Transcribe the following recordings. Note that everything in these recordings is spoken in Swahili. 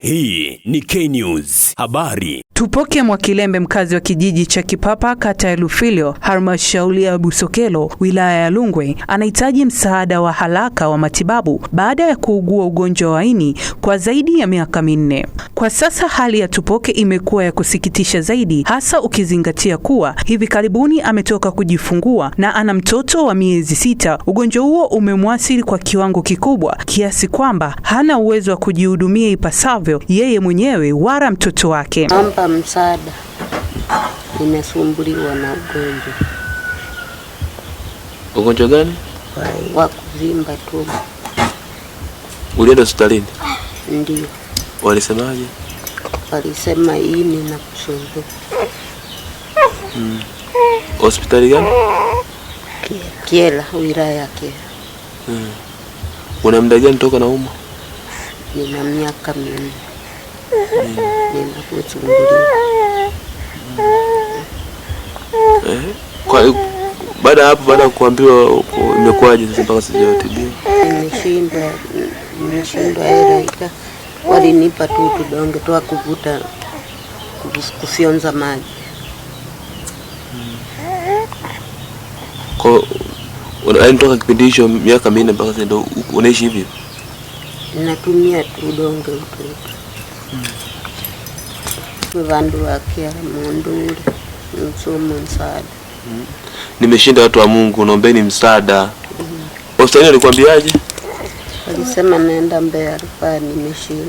Hii ni K-News. Habari. Tupoke Mwakilembe mkazi wa kijiji cha Kipapa kata ya Lufilio, halmashauri ya Busokelo wilaya ya Lungwe anahitaji msaada wa haraka wa matibabu baada ya kuugua ugonjwa wa ini kwa zaidi ya miaka minne. Kwa sasa hali ya Tupoke imekuwa ya kusikitisha zaidi, hasa ukizingatia kuwa hivi karibuni ametoka kujifungua na ana mtoto wa miezi sita. Ugonjwa huo umemwasiri kwa kiwango kikubwa kiasi kwamba hana uwezo wa kujihudumia ipasavyo ambavyo yeye mwenyewe wala mtoto wake. Naomba msaada, nimesumbuliwa na ugonjwa. Ugonjwa gani? Wa kuvimba tumbo. Ulienda hospitalini? Ndio. Walisemaje? Walisema ini na kusumbua. Mm. Hospitali gani? Kiela, wilaya ya Kiela. Mm. Una muda gani toka na umma? nina miaka minne nina kuchungulia. Eh, baada ya hapo, baada ya kuambiwa, imekuwaje sasa mpaka sijatibiwa? Nimeshindwa, nimeshindwa hela, ika walinipa tu tudonge twa kuvuta kufyonza maji. Kwa yaani toka kipindi hicho miaka minne mpaka sasa ndio unaishi hivi? natumia tu udonge ututu mm. vandu wakia munduri msumu msaada mm. Nimeshinda watu wa Mungu, naombeni msaada mm. Hostaini alikwambiaje? Alisema naenda Mbeya alikuwa nimeshindwa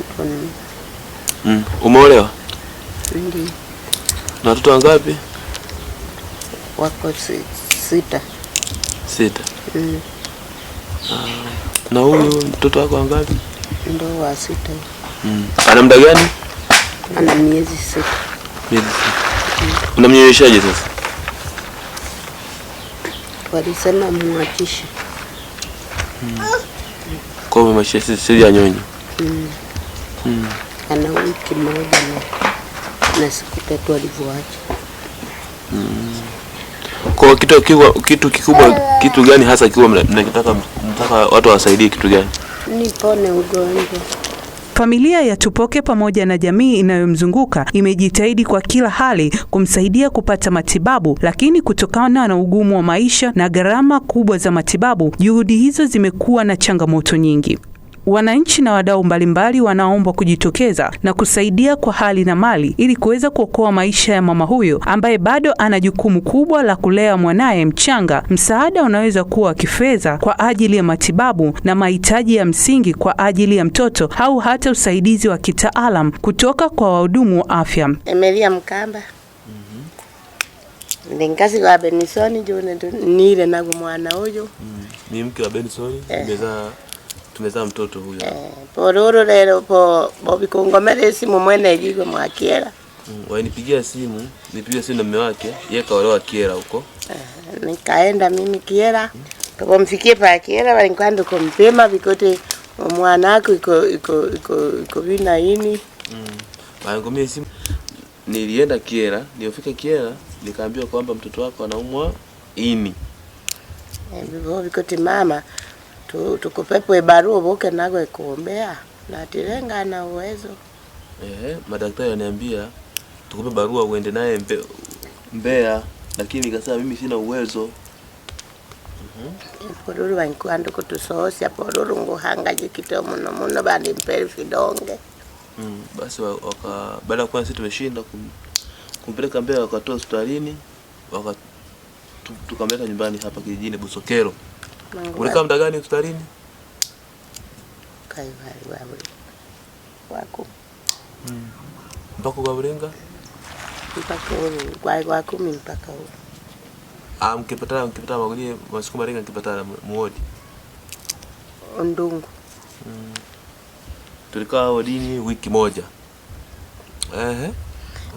mm. Umeolewa? Ndiyo. Na watoto wangapi? Wako sita. Sita. Mm. Ah, na huyu mtoto wako wangapi? ndo wa sita. Mm. Ana muda gani? Ana miezi sita. Miezi sita. Mm. Unamnyonyeshaje sasa? Walisema muachishe. Mm. Kwa hiyo maisha sisi ya nyonyo. Mm. Mm. Ana wiki moja na, na siku tatu alivyoacha. Mm. Kwa kitu kikubwa kitu, kikubwa kitu gani hasa kiwa mnataka mtaka watu wasaidie kitu gani? nipone ugonjwa. Familia ya Tupoke pamoja na jamii inayomzunguka imejitahidi kwa kila hali kumsaidia kupata matibabu, lakini kutokana na ugumu wa maisha na gharama kubwa za matibabu, juhudi hizo zimekuwa na changamoto nyingi. Wananchi na wadau mbalimbali wanaombwa kujitokeza na kusaidia kwa hali na mali ili kuweza kuokoa maisha ya mama huyo ambaye bado ana jukumu kubwa la kulea mwanaye mchanga. Msaada unaweza kuwa wa kifedha kwa ajili ya matibabu na mahitaji ya msingi kwa ajili ya mtoto au hata usaidizi wa kitaalam kutoka kwa wahudumu wa afya. Emelia Mkamba mm-hmm. ni nkazi wa Benisoni juu nile nagu mwana huyu mm-hmm. ni mke wa Benison. Eh tumezaa mtoto huyo eh, poruru lero po Bobi bobikungomera simu mwene jigwe mwakiera mm, wainipigia simu nipigia simu na mume wake yeye kaolewa Kiera huko eh, nikaenda mimi Kiera mm. Tupomfikie pa Kiera walikwenda kumpima vikote mwanako iko iko iko iko vina ini mm. ngomie simu nilienda Kiera, niofika Kiera nikaambiwa kwamba mtoto wako anaumwa ini. Bobi eh, kote mama tu, tukupepwe barua uvuke nago ikuombea na tilenga na uwezo eh. Madaktari wananiambia tukupe barua uende naye mbe, Mbeya, lakini nikasema mimi sina uwezo mm-hmm. polulu vankuandu kutusosya polulu nguhangajikite muno muno vandimpeli vidonge mm. Basi waka baada ya kuwa sisi tumeshinda kum, kumpeleka Mbeya, wakatoa hospitalini waka tukamleta nyumbani hapa kijijini Busokero. Ulikaa muda gani iftarini? Hmm. Mpaka kwa kwa Mpaka mpaka huko ukavurenga ah, mkipatana mkipatana magulie masiku marenga mkipatana muodi ndungu. Mm. Tulikaa wadini wiki moja. Ehe.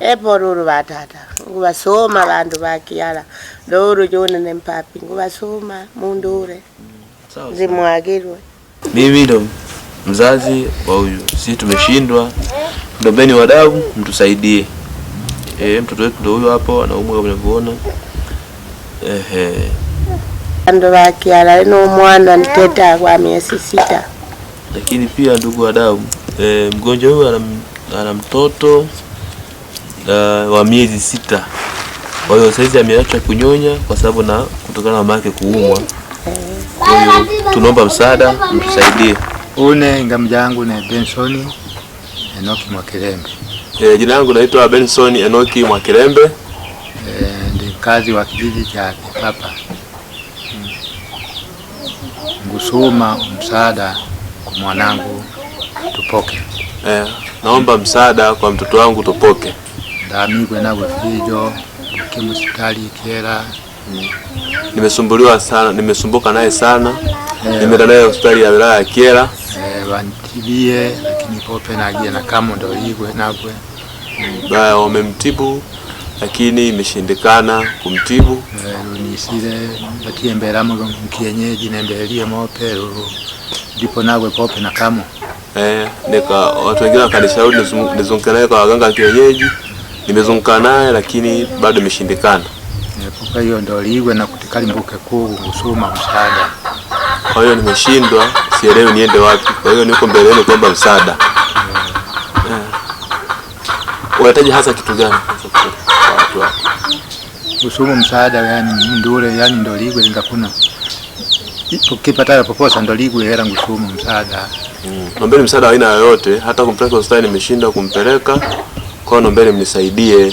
Epo ruru vatata nguvasoma vandu vakiala lolo jona ne mpapi ngubasoma mundure zimwagirwe mimi ndo mzazi wa huyu, si tumeshindwa, ndombeni wadau mtusaidie. E, mtoto wetu ndo huyu hapo anaumwa kama unavyoona. Ehe, ndo wakiala eno mwana nteta kwa miezi sita. Lakini pia ndugu wadau, e, mgonjwa huyu ana mtoto uh, wa miezi sita. Kwa hiyo saizi ameacha kunyonya kwa sababu na kutokana na mama yake kuumwa. Kwa hiyo tunaomba msaada, mtusaidie. une ngamja yangu na Benson Enoki Mwakilembe. E, jina langu naitwa Benson Enoki Mwakilembe. E, ndi mkazi wa kijiji cha Kipapa Ngusuma. Msaada kwa mwanangu Tupoke. E, naomba msaada kwa mtoto wangu Tupoke. ndamigwe nagwe fijo kimstari kiela. Nimesumbuliwa sana, nimesumbuka naye sana, eh, nimeenda naye hospitali ya wilaya ya Kiela eh, wanitibie, lakini pope nagia na kama ndo igwe nagwe baya wamemtibu lakini imeshindikana kumtibu eh, lunisile atiembelamo mkienyeji nembelie mope ndipo nagwe pope na kamo eh, watu wengine wakanishauri nizunguke naye kwa waganga kienyeji nimezunguka naye lakini bado imeshindikana. Epuka hiyo ndio liwe na kutikali mbuke kuu kusuma msaada. Kwa hiyo nimeshindwa, sielewi niende wapi. Kwa hiyo niko mbele yenu kuomba msaada. Eh. Unahitaji hasa kitu gani? Kusumu msaada yani ndure, yani ndio liwe kipata Ukipata poposa ndio liwe hela ngusumu msaada. Mm. Naomba msaada aina yoyote, hata kumpeleka hospitali nimeshinda kumpeleka mkono mbele mnisaidie.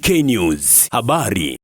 TK News. Habari.